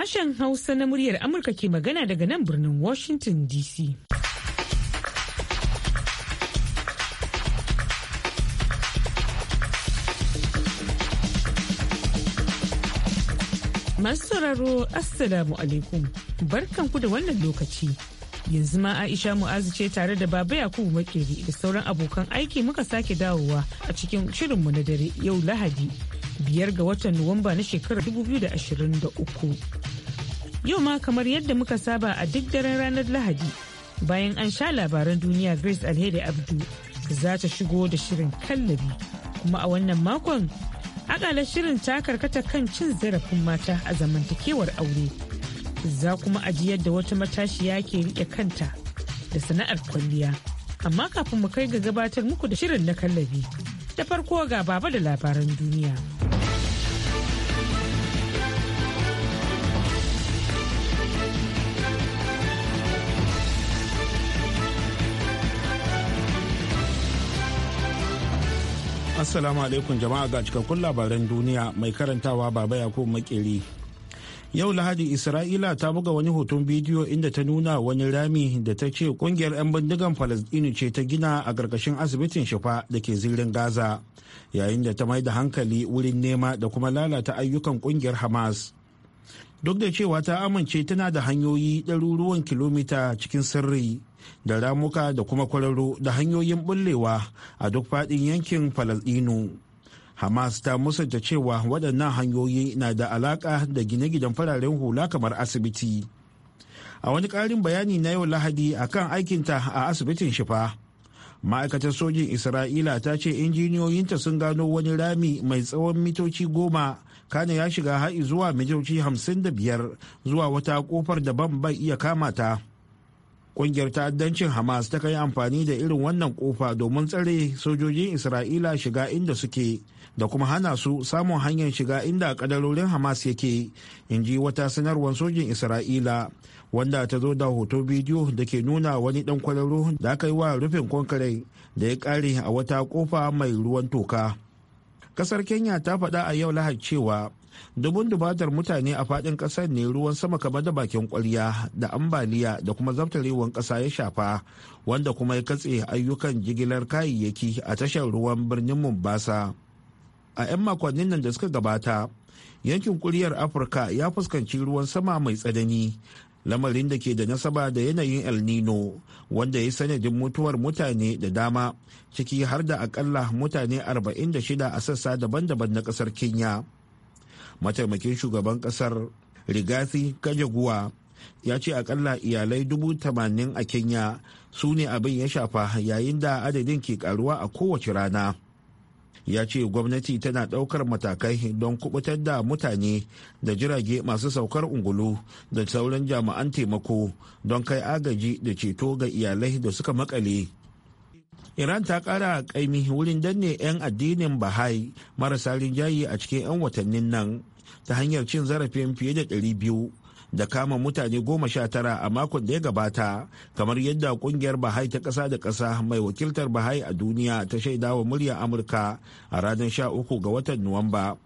Sashen Hausa na muryar Amurka ke magana daga nan birnin Washington DC. Masu sauraro Assalamu alaikum barkanku da wannan lokaci. Yanzu ma Aisha Mu'azu ce tare da Baba Yakubu Makeri da sauran abokan aiki muka sake dawowa a cikin shirinmu na dare yau Lahadi. biyar ga watan Nuwamba na shekarar 2023. Yau ma kamar yadda muka saba a duk daren ranar Lahadi bayan an sha labaran duniya Grace Alheri Abdu za ta shigo da shirin kallabi kuma a wannan makon akalar shirin ta karkata kan cin zarafin mata a zamantakewar aure za kuma aji yadda wata matashiya ke riƙe kanta da sana'ar kwalliya amma kafin mu kai ga gabatar muku da shirin na kallabi ta farko ga baba da labaran duniya. Assalamu alaikum jama'a ga cikakkun labaran duniya mai karantawa baba yakub makeri. Yau Lahadi Isra'ila ta buga wani hoton bidiyo inda ta nuna wani rami da ta ce kungiyar 'yan bindigan Falasdini ce ta gina a ƙarƙashin asibitin Shifa da ke zirin Gaza, yayin da ta mai da hankali wurin nema da kuma lalata ayyukan kungiyar Hamas. Duk da cewa ta amince tana da hanyoyi ɗaruruwan kilomita cikin sirri. da ramuka da kuma kwararru da hanyoyin bullewa a duk faɗin yankin falasɗinu hamas ta musanta cewa waɗannan hanyoyi na da alaƙa da gine-ginen fararen hula kamar asibiti a wani ƙarin bayani na yau lahadi a kan aikinta a asibitin shifa ma'aikatar sojin isra'ila ta ce injiniyoyinta sun gano wani rami mai tsawon mitoci goma kana ya shiga ha'i zuwa mitoci hamsin da biyar zuwa wata kofar da ban bai iya kama ta Ƙungiyar ta'addancin Hamas ta kai amfani da irin wannan kofa domin tsare sojojin Isra'ila shiga inda suke da kuma hana su samun hanyar shiga inda kadarorin Hamas yake, in ji wata sanarwar sojin Isra'ila wanda ta zo da hoto bidiyo da ke nuna wani ɗan kwararo da aka yi wa rufin kwankare da ya ƙare a wata kofa mai ruwan toka. Kasar Kenya ta faɗa a yau lahar cewa dubun dubatar mutane a faɗin ƙasar ne ruwan sama kamar da bakin kwarya da ambaliya da kuma zabtarewan ƙasa ya shafa wanda kuma ya katse ayyukan jigilar kayayyaki a tashar ruwan birnin Mombasa. A 'yan makonnin nan da suka gabata, yankin ƙuryar Afirka ya fuskanci ruwan sama mai tsanani lamarin da ke da nasaba da yanayin el nino wanda ya sanadin mutuwar mutane da dama ciki har da akalla mutane 46 a sassa daban-daban na kasar kenya mataimakin shugaban kasar rigasi kajaguwa ya ce akalla iyalai dubu tamanin a kenya su ne abin ya shafa yayin da adadin ke karuwa a kowace rana ya ce gwamnati tana daukar matakai don kubutar da mutane da jirage masu saukar ungulu da sauran jami'an taimako don kai agaji da ceto ga iyalai da suka makale iran ta ƙara kaimi wurin danne 'yan addinin bahai marasa rinjaye a cikin 'yan watannin nan ta hanyar cin zarafin fiye da 200 da kama mutane goma sha tara a makon da ya gabata kamar yadda kungiyar bahai ta ƙasa da ƙasa mai wakiltar bahai a duniya ta shaidawa muryar amurka a ranar sha uku ga watan nuwamba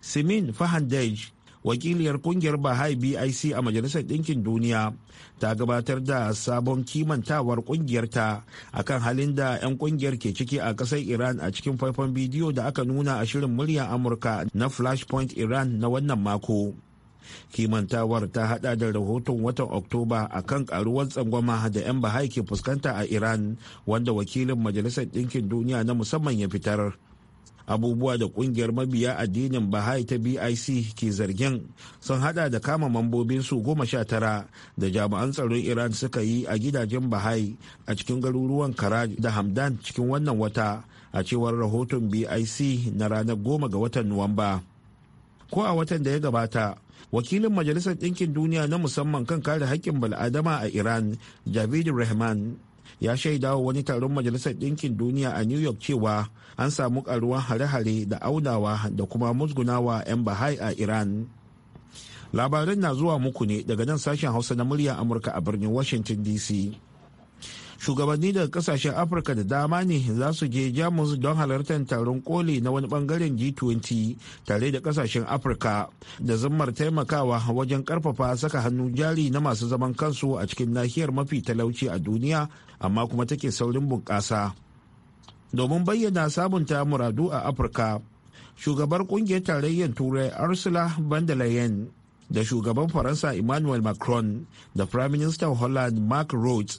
simin fahandej wakiliyar kungiyar bahai bic a majalisar ɗinkin duniya ta gabatar da sabon kimantawar kungiyarta akan halin da 'yan kungiyar ke ciki a ƙasar iran a cikin faifan bidiyo da aka nuna a shirin muryar amurka na flashpoint iran na wannan mako kimantawar ta hada da rahoton watan oktoba a kan karuwar tsangwama da 'yan bahai ke fuskanta a iran wanda wakilin majalisar ɗinkin duniya na musamman ya fitar abubuwa da kungiyar mabiya addinin bahai ta bic ke zargin sun hada da kama mambobin mambobinsu goma sha tara da jami'an tsaron iran suka yi a gidajen bahai a cikin garuruwan karaj da hamdan cikin wannan wata a cewar rahoton bic na ranar goma ga watan nuwamba ko a watan da ya gabata wakilin majalisar ɗinkin duniya na musamman kan kare haƙƙin bal'adama a iran javid rahman ya shaida wa wani taron majalisar ɗinkin duniya a new york cewa an samu karuwan hare-hare da aunawa da kuma musgunawa 'yan bahai a iran labaran na zuwa muku ne daga nan sashen hausa na murya amurka a birnin washington dc shugabanni daga kasashen afirka da dama ne za su je jamus don halartar taron koli na wani bangaren g20 tare da kasashen afirka da zammar taimakawa wajen karfafa saka hannu jari na masu zaman kansu a cikin nahiyar mafi talauci a duniya amma kuma take saurin bunƙasa domin bayyana sabunta muradu a afirka shugabar kungiyar tarayyar turai ursula van der leyen da shugaban faransa emmanuel macron da firaministan holland mark rhodes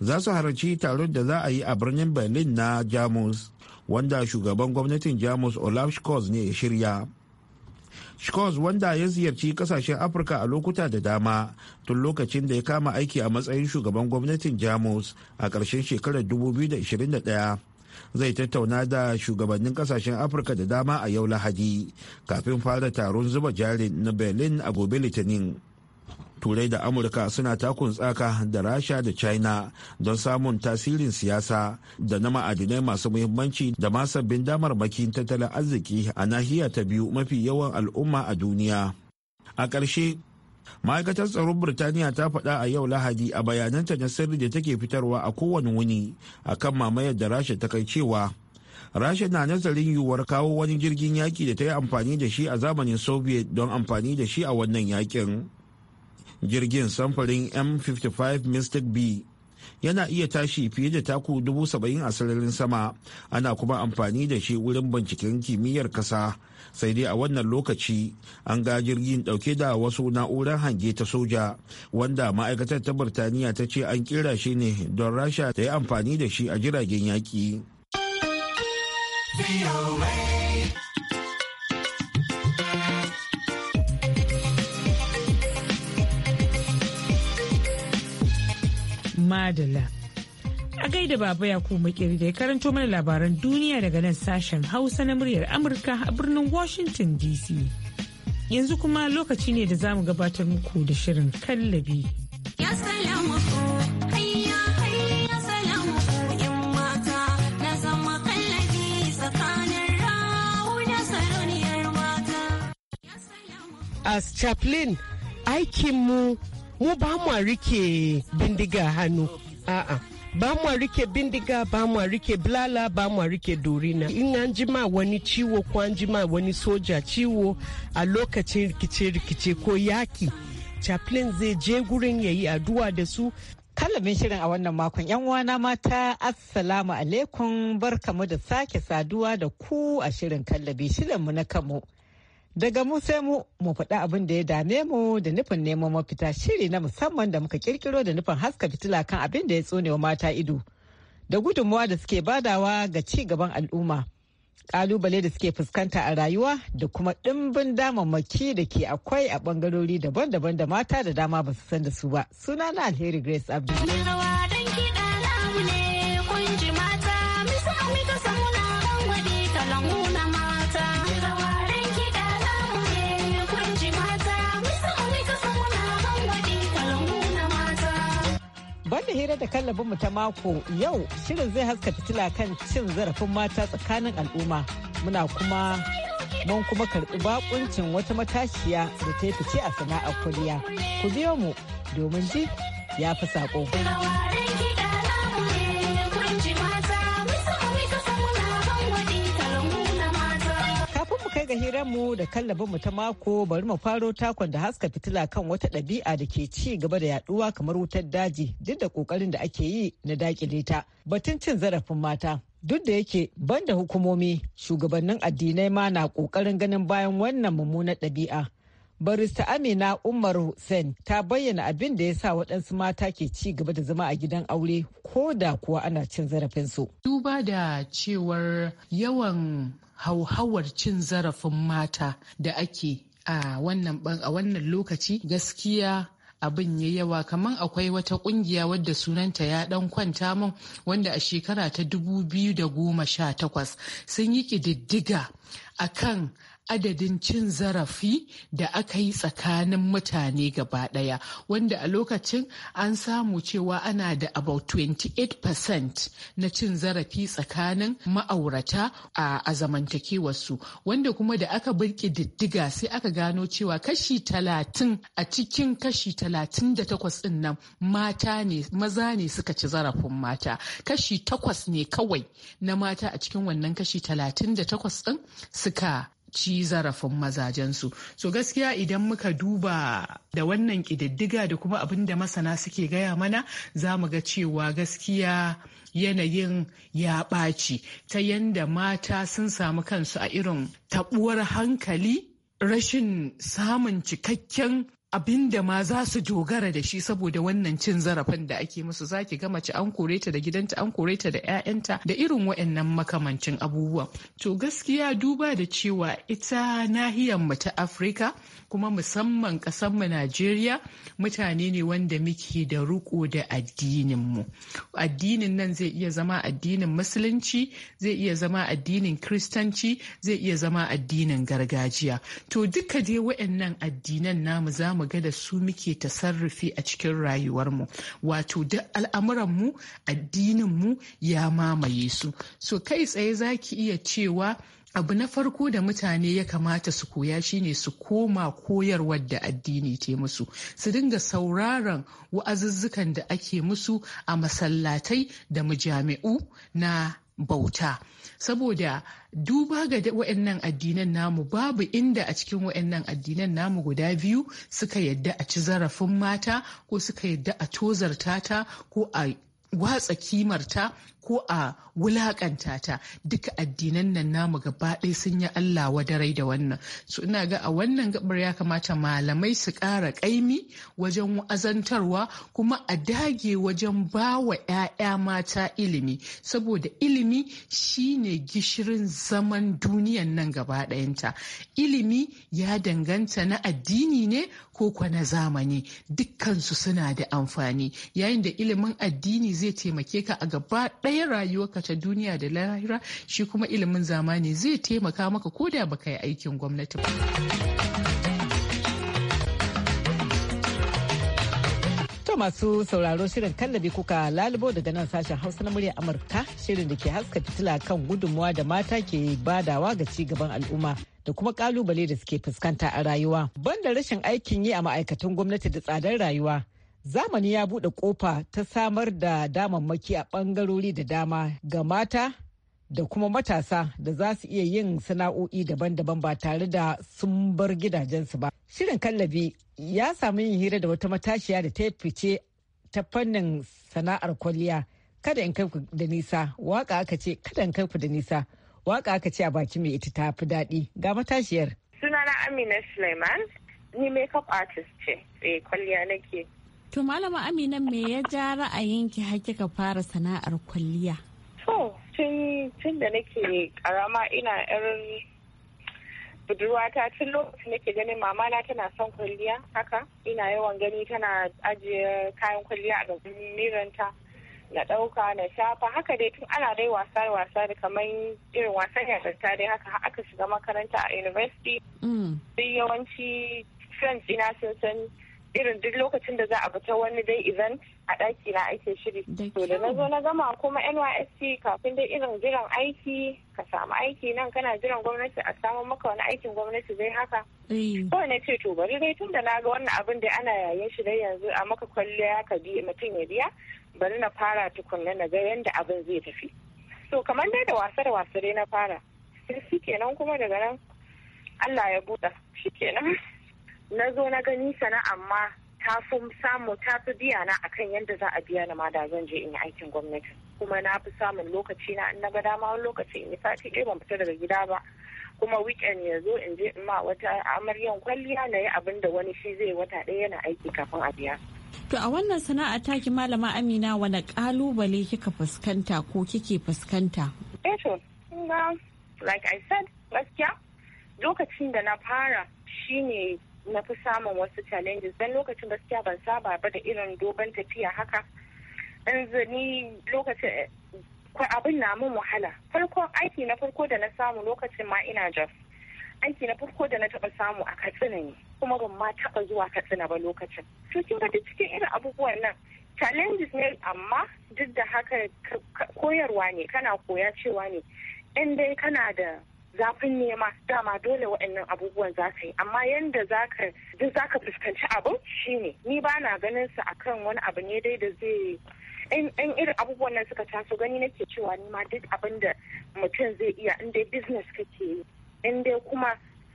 za su harci taron da za a yi a birnin berlin na jamus wanda shugaban gwamnatin jamus olaf scholz ne ya shirya scholz wanda ya ziyarci kasashen afirka a lokuta da dama tun lokacin da ya kama aiki a matsayin shugaban gwamnatin jamus a ƙarshen shekarar 2021 zai tattauna da shugabannin kasashen afirka da dama a yau lahadi kafin fara taron zuba jari na berlin a gobe litinin turai da amurka suna takun tsaka da rasha da china don samun tasirin siyasa da na ma'adinai masu muhimmanci da ma sabbin damarmakin tattalin arziki a nahiya ta biyu mafi yawan al'umma a duniya a ƙarshe ma'aikatar tsaron birtaniya ta faɗa a yau lahadi a bayananta na sirri da take fitarwa a kowane wuni akan mamayar da rasha ta kai cewa rasha na nazarin yiwuwar kawo wani jirgin yaki da ta yi amfani da shi a zamanin soviet don amfani da shi a wannan yakin jirgin samfurin m55 mystic b yana iya tashi fiye da taku 70,000 a sararin sama ana kuma amfani da shi wurin binciken kimiyyar kasa sai dai a wannan lokaci an ga jirgin dauke da wasu na'urar hange ta soja wanda ma'aikatar ta birtaniya ta ce an kira shi ne don rasha ta yi amfani da shi a jiragen yaki. madala. A gaida baba ya kuma kiri da ya karanto mana labaran duniya daga nan sashen Hausa na muryar Amurka a birnin Washington DC. Yanzu kuma lokaci ne da zamu gabatar muku da shirin kallabi. As chaplain, aikinmu mu ba mu rike bindiga hannu a'a ba mu rike bindiga ba mu rike blala ba mu rike dorina in an jima wani ciwo ko an jima wani soja ciwo a lokacin rikice-rikice ko yaki chaplain zai je gurin yayi addu'a da su kalamin shirin a wannan makon yan uwana mata assalamu alaikum barkamu da sake saduwa da ku a shirin kallabi mu na kamo Daga mu sai mu mu faɗi abin da ya dame mu da nufin neman mafita shiri na musamman da muka kirkiro da nufin haska fitila kan abin da ya tsone wa mata ido. Da gudunmuwa da suke badawa ga ci gaban al'umma. Kalubale da suke fuskanta a rayuwa da kuma ɗimbin damammaki da ke akwai a ɓangarori daban-daban da mata da dama ba su san da su ba. Suna na Alheri Grace Abdi. hira da kallabinmu ta mako yau shirin zai haska fitila kan cin zarafin mata tsakanin al'umma. Muna kuma mun kuma karɓi bakuncin wata matashiya da ta yi fice a sana'ar kuliya Ku biyo mu domin ji ya fi saƙo. kai ga hiranmu da kallabin mu ta mako bari mu faro takon da haska fitila kan wata ɗabi'a da ke ci gaba da yaduwa kamar wutar daji duk da kokarin da ake yi na dakile ta batun cin zarafin mata duk da yake ban da hukumomi shugabannin addinai ma na kokarin ganin bayan wannan mummunar ɗabi'a barista amina umar hussein ta bayyana abin da ya sa waɗansu mata ke ci gaba da zama a gidan aure ko da kuwa ana cin zarafinsu duba da cewar yawan hauhawar cin zarafin mata da ake a wannan lokaci gaskiya abin ya yawa kamar akwai wata kungiya wadda sunanta ya dan kwanta mun wanda a shekara ta 2018 sun yi kididdiga kan. adadin cin zarafi da aka yi tsakanin mutane gaba ɗaya wanda a lokacin an samu cewa ana da about 28% na cin zarafi tsakanin ma'aurata a, a zamantakewarsu wanda kuma da aka birki diddiga sai aka gano cewa kashi 30 a cikin kashi 38 ɗin nan mata ne maza ne suka ci zarafin mata kashi takwas ne kawai na mata a cikin wannan kashi 38 ɗin suka ci zarafin mazajensu so gaskiya idan muka duba da wannan ƙididdiga da kuma abin da masana suke gaya mana za mu ga cewa gaskiya yanayin ya ɓaci ta yanda mata sun samu kansu a irin taɓuwar hankali rashin samun cikakken abin da ma za su dogara da shi saboda wannan cin zarafin da ake musu za ki ga mace an kore ta da gidanta an kore ta da 'ya'yanta da irin waɗannan makamancin abubuwan to gaskiya duba da cewa ita nahiyar mu ta afirka kuma musamman ƙasan mu najeriya mutane ne wanda muke da riko da addinin mu addinin nan zai iya zama addinin musulunci zai iya zama addinin kristanci zai iya zama addinin gargajiya to duka dai waɗannan addinan namu za mu mu ga da su muke tasarrufi a cikin rayuwarmu wato duk al'amuranmu addininmu ya mamaye su so kai tsaye za ki iya cewa abu na farko da mutane ya kamata su koya shine su koma koyarwar da addini ta musu su dinga sauraron wa'azuzzukan da ake musu a masallatai da mujami'u na bauta saboda duba ga waɗannan addinan namu babu inda a cikin waɗannan addinan namu guda biyu suka yadda a ci zarafin mata ko suka yadda a tozarta ta ko a watsa kimarta ko a wulakanta ta duka addinan nan namu gaba ɗaya sun yi Allah wadarai da wannan so ina ga a wannan gabar ya kamata malamai su ƙara ƙaimi wajen azantarwa kuma a dage wajen ba wa 'ya'ya mata ilimi saboda ilimi shine gishirin zaman duniyan nan gaba ɗayanta ilimi ya danganta na addini ne ko kwa na zamani dukkansu suna da amfani yayin da ilimin addini zai taimake ka a gaba ɗaya kayan rayuwarka ta duniya da lahira shi kuma ilimin zamani zai taimaka maka koda baka yi aikin gwamnati ba. To masu sauraro shirin kallabi kuka lalibo daga nan sashen Hausa na muryar Amurka shirin da ke haska fitila kan gudunmuwa da mata ke badawa ga ci gaban al'umma. da kuma kalubale da suke fuskanta a rayuwa. Banda rashin aikin yi a ma'aikatan gwamnati da tsadar rayuwa, zamani ya buɗe ƙofa ta samar da damammaki a ɓangarori da dama ga mata da kuma matasa da za su iya yin sana'o'i daban-daban ba tare da sun bar gidajensu ba. Shirin kallabi ya samu yin hira da wata matashiya da ta fice ta fannin sana'ar kwalliya kada in kai ku da nisa waka aka ce kada in kai ku da nisa waka aka ce a baki mai ita ta fi daɗi ga matashiyar. Sunana Amina Suleiman ni makeup artist ce eh, kwalliya nake To Malama Amina me ya ja ra'ayinki har kika fara sana'ar kwalliya? To tun da nake karama ina irin budurwata tun lokacin nake ganin mamana tana son kwalliya haka ina yawan gani tana ajiye kayan kwalliya a gaban miranta na ɗauka na shafa haka dai tun ana dai wasa wasa da kamar irin wasan yarinta dai haka aka shiga makaranta a university. Sai mm. yawanci friends ina sun san irin duk lokacin da za a fita wani dai idan a ɗaki na ake shiri to da na zo na gama kuma nysc kafin dai irin jiran aiki ka samu aiki nan kana jiran gwamnati a samu maka wani aikin gwamnati zai haka eh. kawai na ce to bari dai tun da na ga wannan abin da ana yayin shi dai yanzu a maka kwalliya ka bi mutum ya biya bari na fara tukunna na ga yanda abin zai tafi to kamar dai da wasa da wasa dai na fara sai kenan kuma daga nan Allah ya buɗa shikenan na zo na gani sana'a ma ta fi samu ta fi biya na akan yadda za a biya na ma da zan je in yi aikin gwamnati kuma na fi samun lokaci na in na ga dama wani lokaci in yi sati ɗaya ban fita daga gida ba kuma weekend ya zo in je in ma wata amaryan kwalliya na yi abin da wani shi zai wata ɗaya yana aiki kafin a biya. To a wannan sana'a taki malama Amina wani kalubale kika fuskanta ko kike fuskanta? Eh to, like I said, gaskiya lokacin da na fara shine na fi samun wasu challenges don lokacin gaskiya ban saba ba da irin dogon tafiya haka in zani lokacin abin na mun wahala farkon aiki na farko da na samu lokacin ma ina jos aiki na farko da na taba samu a katsina ne kuma ban ma taba zuwa katsina ba lokacin to kin ga cikin irin abubuwan nan challenges ne amma duk da haka koyarwa ne kana koya cewa ne in dai kana da zafin nema dama dole waɗannan abubuwan za ka yi amma yadda za ka fuskanci za ka fuskanci ni ba na ganin sa akan wani abu ne dai da zai in irin abubuwan nan suka taso gani nake cewa ni ma duk abin da mutum zai iya in dai business kake yi in dai kuma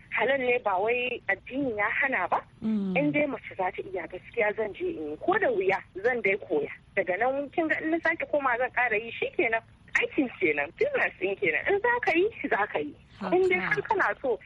halal ne ba wai addini ya hana ba mm. in dai mace za ta iya gaskiya zan je in yi ko da wuya zan dai koya daga nan kin ga in sake koma zan kara yi shikenan aikin kenan business din kenan in za ka yi za ka yi in dai har kana so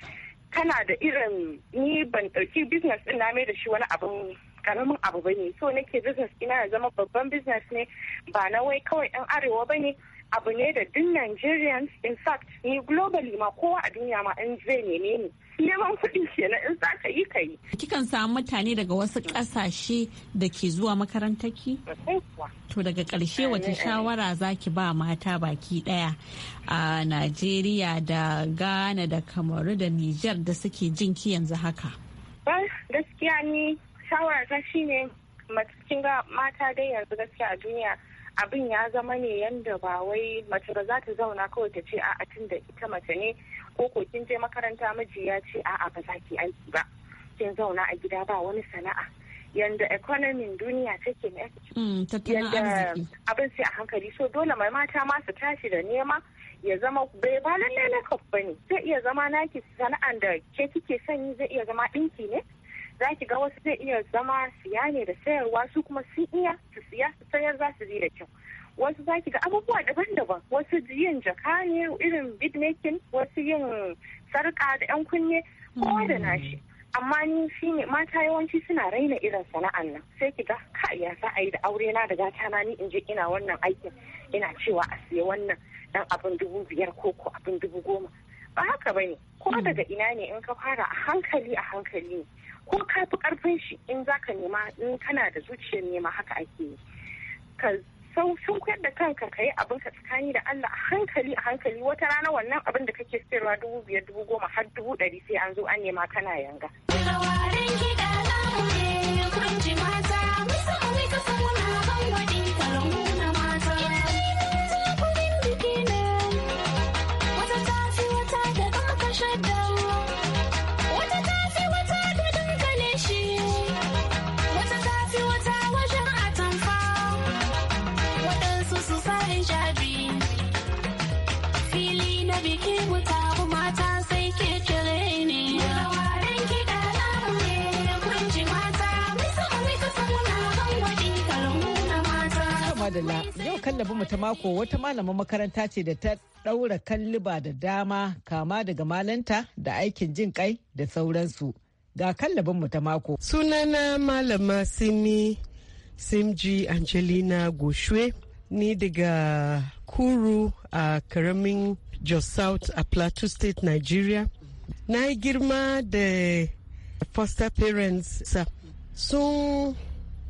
kana da irin ni ban ɗauki business ɗin na mai da shi wani abin karamin abu ba ne so nake business ina ya zama babban business ne ba na wai kawai ɗan arewa ba ne abu ne da duk Nigerians in fact ni globally ma kowa a duniya ma in zai neme ni neman kuɗi kenan in za ka yi ka yi. Kikan samu mutane daga wasu ƙasashe da ke zuwa makarantaki? To daga karshe wata shawara za ki ba mata baki ɗaya a Najeriya da Ghana da Kamaru da Niger da suke jin ki yanzu haka. Gaskiya ni shawara ta shine mata dai yanzu gaskiya a duniya abin ya zama ne yadda ba wai mace ba za ta zauna kawai ta ce a'a tun da ita mace ne ko ko kin je makaranta miji ya ce a'a ba za ki aiki ba kin zauna a gida ba wani sana'a yanda economy duniya take ne mm, yadda abin sai a hankali so dole mai mata ma su tashi da nema ya zama bai ba lallai na ba ne zai iya zama naki sana'an da ke kike sanyi zai iya zama ɗinki ne za ki ga wasu zai iya zama siya ne da sayarwa su kuma sun iya su siya su sayar za su da kyau wasu za ki ga abubuwa daban-daban wasu yin jaka ne irin bidmaking wasu yin sarka da yan kunne kowa mm. da nashi amma ni shi ne mata yawanci suna raina irin sana'an nan sai ki ga ka ya za a yi da aure na da gata na ni in je ina wannan aikin ina cewa a siya wannan dan abin dubu biyar ko ko abin dubu goma ba haka ba ne ko hmm. daga ina ne in ka fara a hankali a hankali ne ko ka fi karfin shi in za ka nema in kana da zuciyar nema haka ake yi ka sau kuyar da kanka ka yi abin ka tsakani da Allah a hankali a hankali wata rana wannan abin da kake sayarwa dubu biyar dubu goma har dubu ɗari sai an zo an nema kana yanga. kiɗa ne kun ji mata musamman kasan kallabi mu ta mako wata malamin makaranta ce da ta ɗaura kalliba da dama kama daga malanta da aikin jin kai da sauransu. Ga kallabin mu ta mako. Sunana malama Simi Simji Angelina Goshwe ni daga Kuru a karamin Jos South a Plateau State, Nigeria. Na yi girma da foster parents sun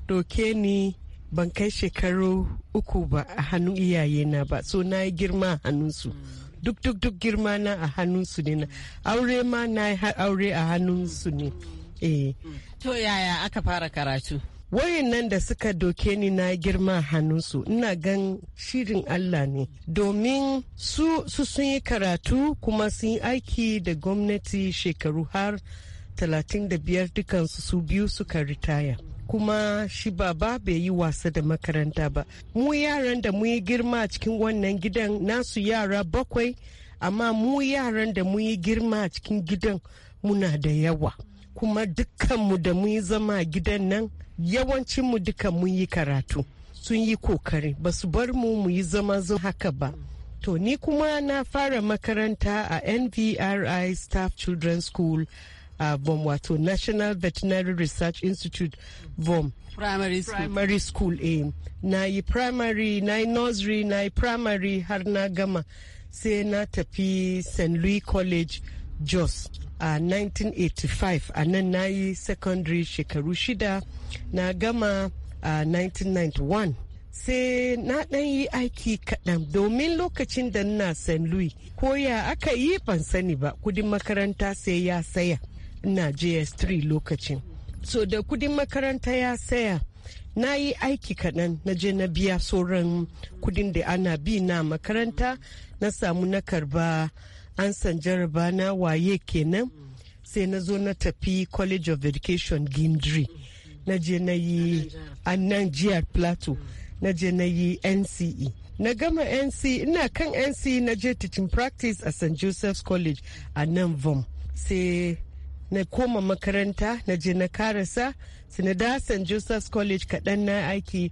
doke ni ban kai shekaru uku ba a hannun iyaye na ba so na yi girma a hannunsu duk duk duk girma na a hannunsu ne na aure ma na yi aure a hannunsu ne eh to yaya aka fara karatu wayan nan da suka doke ni na girma hannunsu ina gan shirin Allah ne domin su su sun yi karatu kuma sun yi aiki da gwamnati shekaru har 35 dukansu su biyu suka ritaya. kuma shi baba bai yi wasa da makaranta ba mu yaran da mu yi girma a cikin wannan gidan nasu yara bakwai amma mu yaran da mu yi girma a cikin gidan muna da yawa kuma dukkanmu da mu yi zama a gidan nan yawancinmu duka mun yi karatu sun yi kokari ba su bar mu mu yi zama haka ba to ni kuma na fara makaranta a nvri staff children's school a uh, bom wato national veterinary research institute bom primary school, primary school eh. na yi primary na yi nursery na yi primary har na gama sai na tafi st louis college jos a uh, 1985 a nan na yi secondary shekaru shida na gama a uh, 1991 sai na ɗan yi aiki kaɗan domin lokacin da na st louis ko ya aka yi ban sani ba kudin makaranta sai ya saya ina js3 lokacin so da kudin makaranta ya saya na yi aiki kaɗan na je na biya sauran kudin da ana bi na makaranta na samu na karba an san jaraba na waye kenan sai na zo na tafi college of education gindri na je na yi a jihar plateau na je na yi nce na gama nce ina kan nce na je teaching practice a st joseph's college a nan vom sai na koma makaranta na je na karasa sinada st college kaɗan na aiki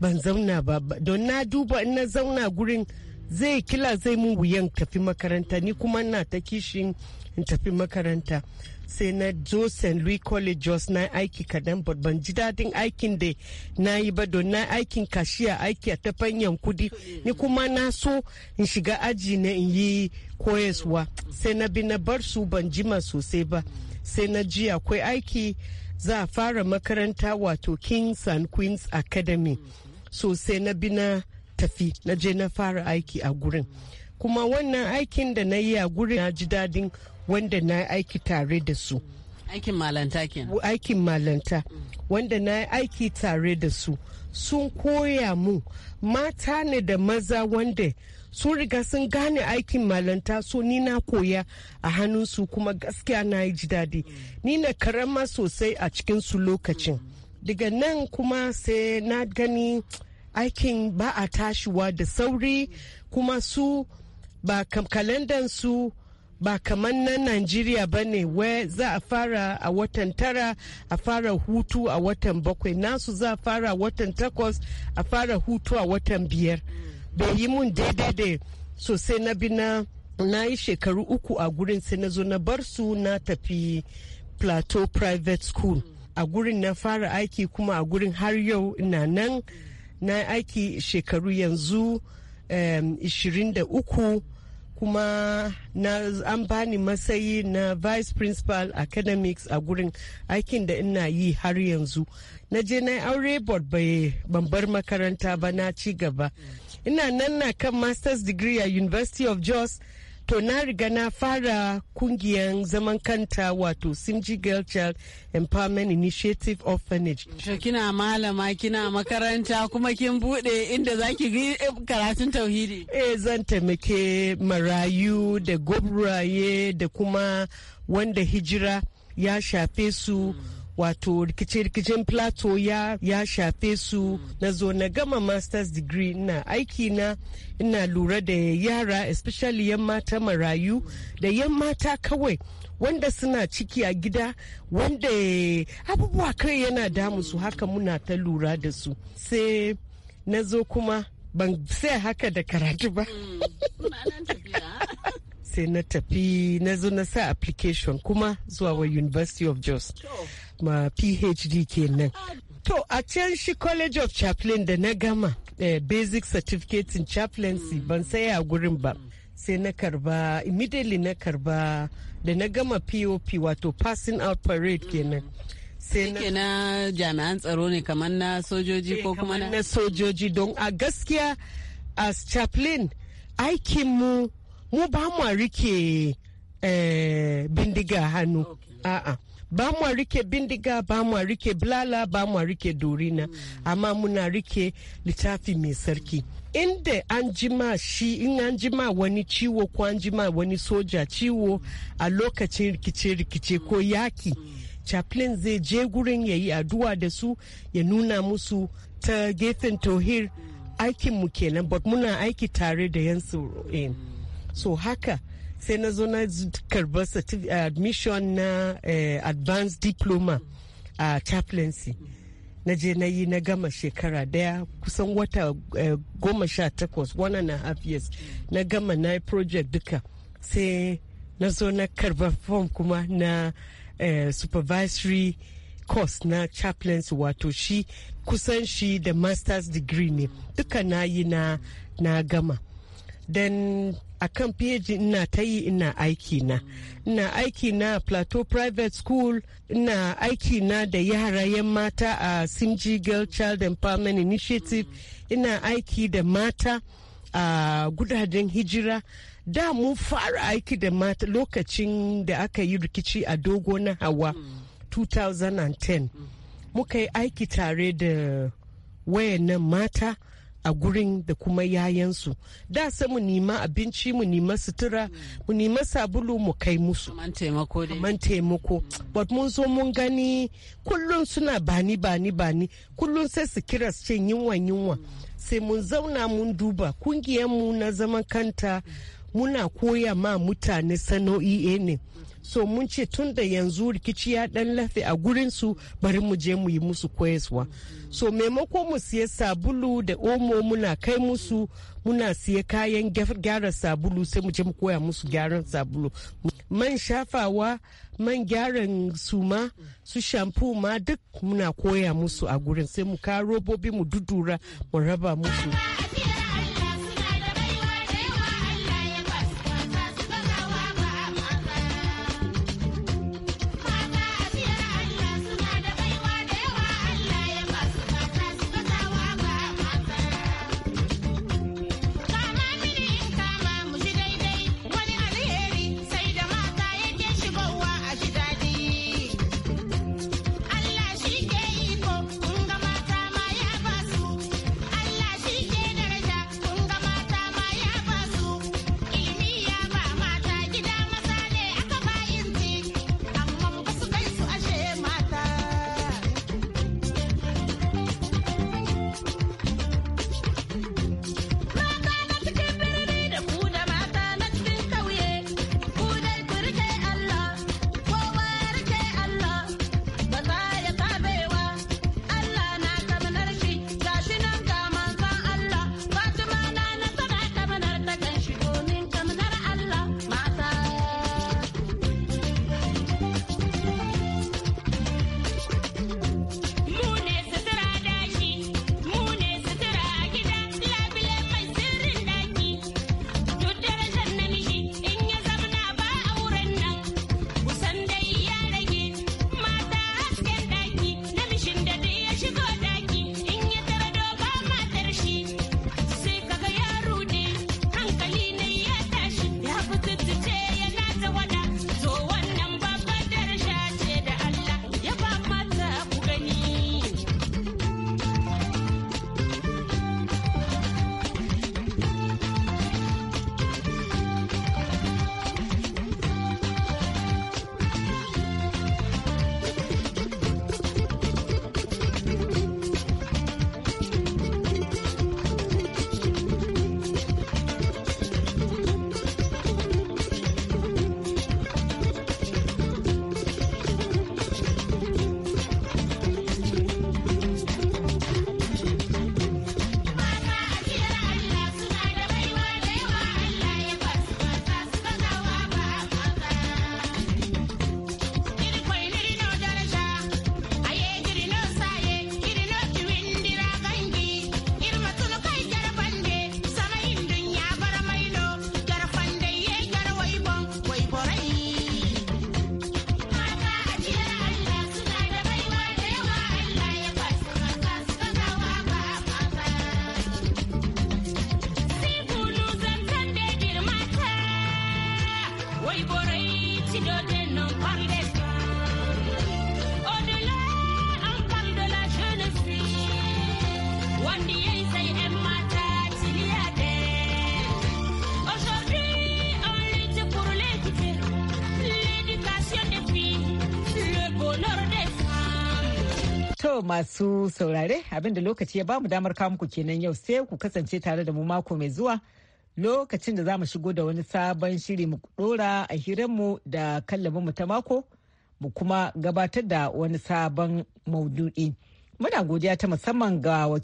ban zauna ba don na duba in na zauna gurin zai kila zai mun wuyan tafi makaranta ni kuma na ta kishin tafi makaranta sai na zo st louis college jos na aiki kadan ban ji dadin aikin da na yi ba don na aikin kashiya aiki a tafanyan kudi ni kuma na so in shiga aji na in yi koyaswa sai na bi na bar su ban jima sosai ba sai na ji akwai aiki za a fara makaranta wato kings and queens academy so sai na bi na tafi na je na fara aiki a gurin kuma wannan aikin da na yi a gurin na ji dadin wanda na aiki tare da su aikin malanta kenan aikin malanta wanda na aiki tare da su sun koya mu mata ne da maza wanda sun riga sun gane aikin malanta so ni na koya a hannunsu kuma gaskiya na yi ji daɗi ni na karama sosai a cikin su lokacin daga nan kuma sai na gani aikin ba a tashiwa da sauri kuma su ba kalendansu su ba kamar nan Najeriya ba ne za a fara a watan tara a fara hutu a watan bakwai nasu za a fara a watan takwas a fara hutu a watan biyar bai yi mun daidai da sosai na bi na na yi shekaru uku a gurin sai na zo na bar su na tafi plateau private school a gurin na fara aiki kuma a gurin har yau na nan na aiki shekaru yanzu da uku. kuma na an bani matsayi na vice principal academics a gurin aikin da ina yi har yanzu na je na aure board bai bambar makaranta ba na ci gaba ina nan na kan masters degree a university of jos to na riga na fara kungiyar zaman kanta wato simji girl child empowerment initiative orphanage kina malama kina makaranta kuma kin bude inda zaki yi karatun tauhidi eh zan taimake marayu da gobraye da kuma wanda hijira ya shafe su wato rikice-rikicen plato ya, ya shafe su na zo na gama masters degree ina aiki na ina lura da yara especially yan mata marayu da yan mata kawai wanda suna ciki a gida wanda abubuwa kai yana damu su haka muna ta lura da su sai na zo kuma ban sai haka da karatu ba hmm. sai na tafi na zo na sa application kuma zuwa wa university of jos ma phd kenan to a can shi college of chaplain da na gama eh, basic certificate in chaplaincy ban ban saya gurin ba sai na karba immediately na karba da na gama pop wato passing out parade kenan sai na na jami'an tsaro ne kamar na sojoji eh, ko kuma na sojoji don a gaskiya as chaplain aikin mu mu ba mu rike eh, bindiga hannu a'a okay. uh -uh. ba mu rike bindiga ba mu rike bulala ba mu rike dorina amma muna rike littafi mai sarki inda an jima shi in an jima wani ciwo ko an jima wani soja ciwo a lokacin rikice-rikice ko yaki chaplain zai je gurin ya yi addu'a da su ya nuna musu ta gefen tohir aikinmu kenan but muna aiki tare da yan eh. so haka sai na zo na karba admission na eh, advanced diploma a chaplaincy na je na yi na gama shekara daya kusan wata eh, goma sha takwas one and a half years na gama na project duka sai na zo na karba form kuma na eh, supervisory course na chaplains wato shi kusan shi da masters degree ne duka na yi na gama then akan peji ina ta yi ina aiki na ina aiki na plateau private school ina aiki na da yara yan mata a simji girl child empowerment initiative ina aiki da mata a gudajen hijira da mun fara aiki da mata lokacin da aka yi rikici a dogo na hawa 2010 muka yi aiki tare da wayannan mata a gurin da kuma yayansu da sa mu nima abinci mu nima sutura mu nima sabulu mu kai musu man taimako man taimako but mun zo mun gani kullum suna bani bani bani kullun sai su kira su ce yunwa yinwa sai mun zauna mun duba mu na zaman kanta muna koya ma mutane sano'i ne so mun ce tun da yanzu rikici ya dan lafe a gurin su bari mu je mu yi musu koyaswa so maimako mu siya sabulu da omo muna kai musu muna siya kayan gyara sabulu sai mu je mu koya musu gyaran sabulu man shafawa man gyaran suma su shampu ma duk muna koya musu a gurin sai mu ka robobi mu dudura mu raba musu masu saurare abinda lokaci ya bamu damar kawo muku kenan yau sai ku kasance tare da mu mako mai zuwa lokacin da za mu shigo da wani sabon shiri mu dora a hirar mu da mu ta mako mu kuma gabatar da wani sabon maududi Muna godiya ta musamman ga mu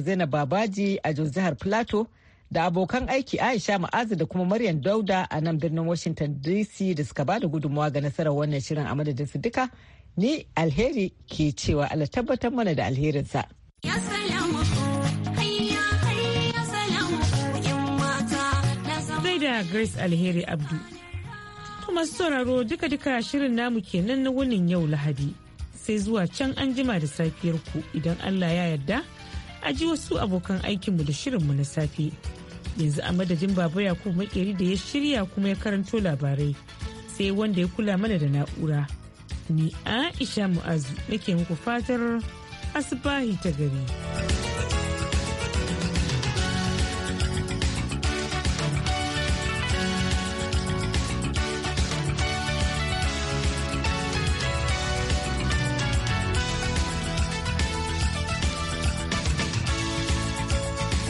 Zainab Babaji a jihar Plateau da abokan aiki Aisha Ma'azu da kuma Maryam Dauda a nan birnin Washington DC da suka ba da gudunmawa ga nasarar wannan shirin a madadin su duka. Ni alheri ke cewa Allah tabbatar mana da alherinsa. Gaida Grace Alheri Abdu. To masu sauraro duka-duka shirin namu kenan na wunin yau Lahadi. Sai zuwa can an jima da safiyar ku idan Allah ya yarda. a ji wasu abokan aikinmu da shirinmu na safe. yanzu a madadin baba yakub makeri da ya shirya kuma ya karanto labarai sai wanda ya kula mana da na'ura ni aisha mu'azu nake muku fatar asibahi ta gari.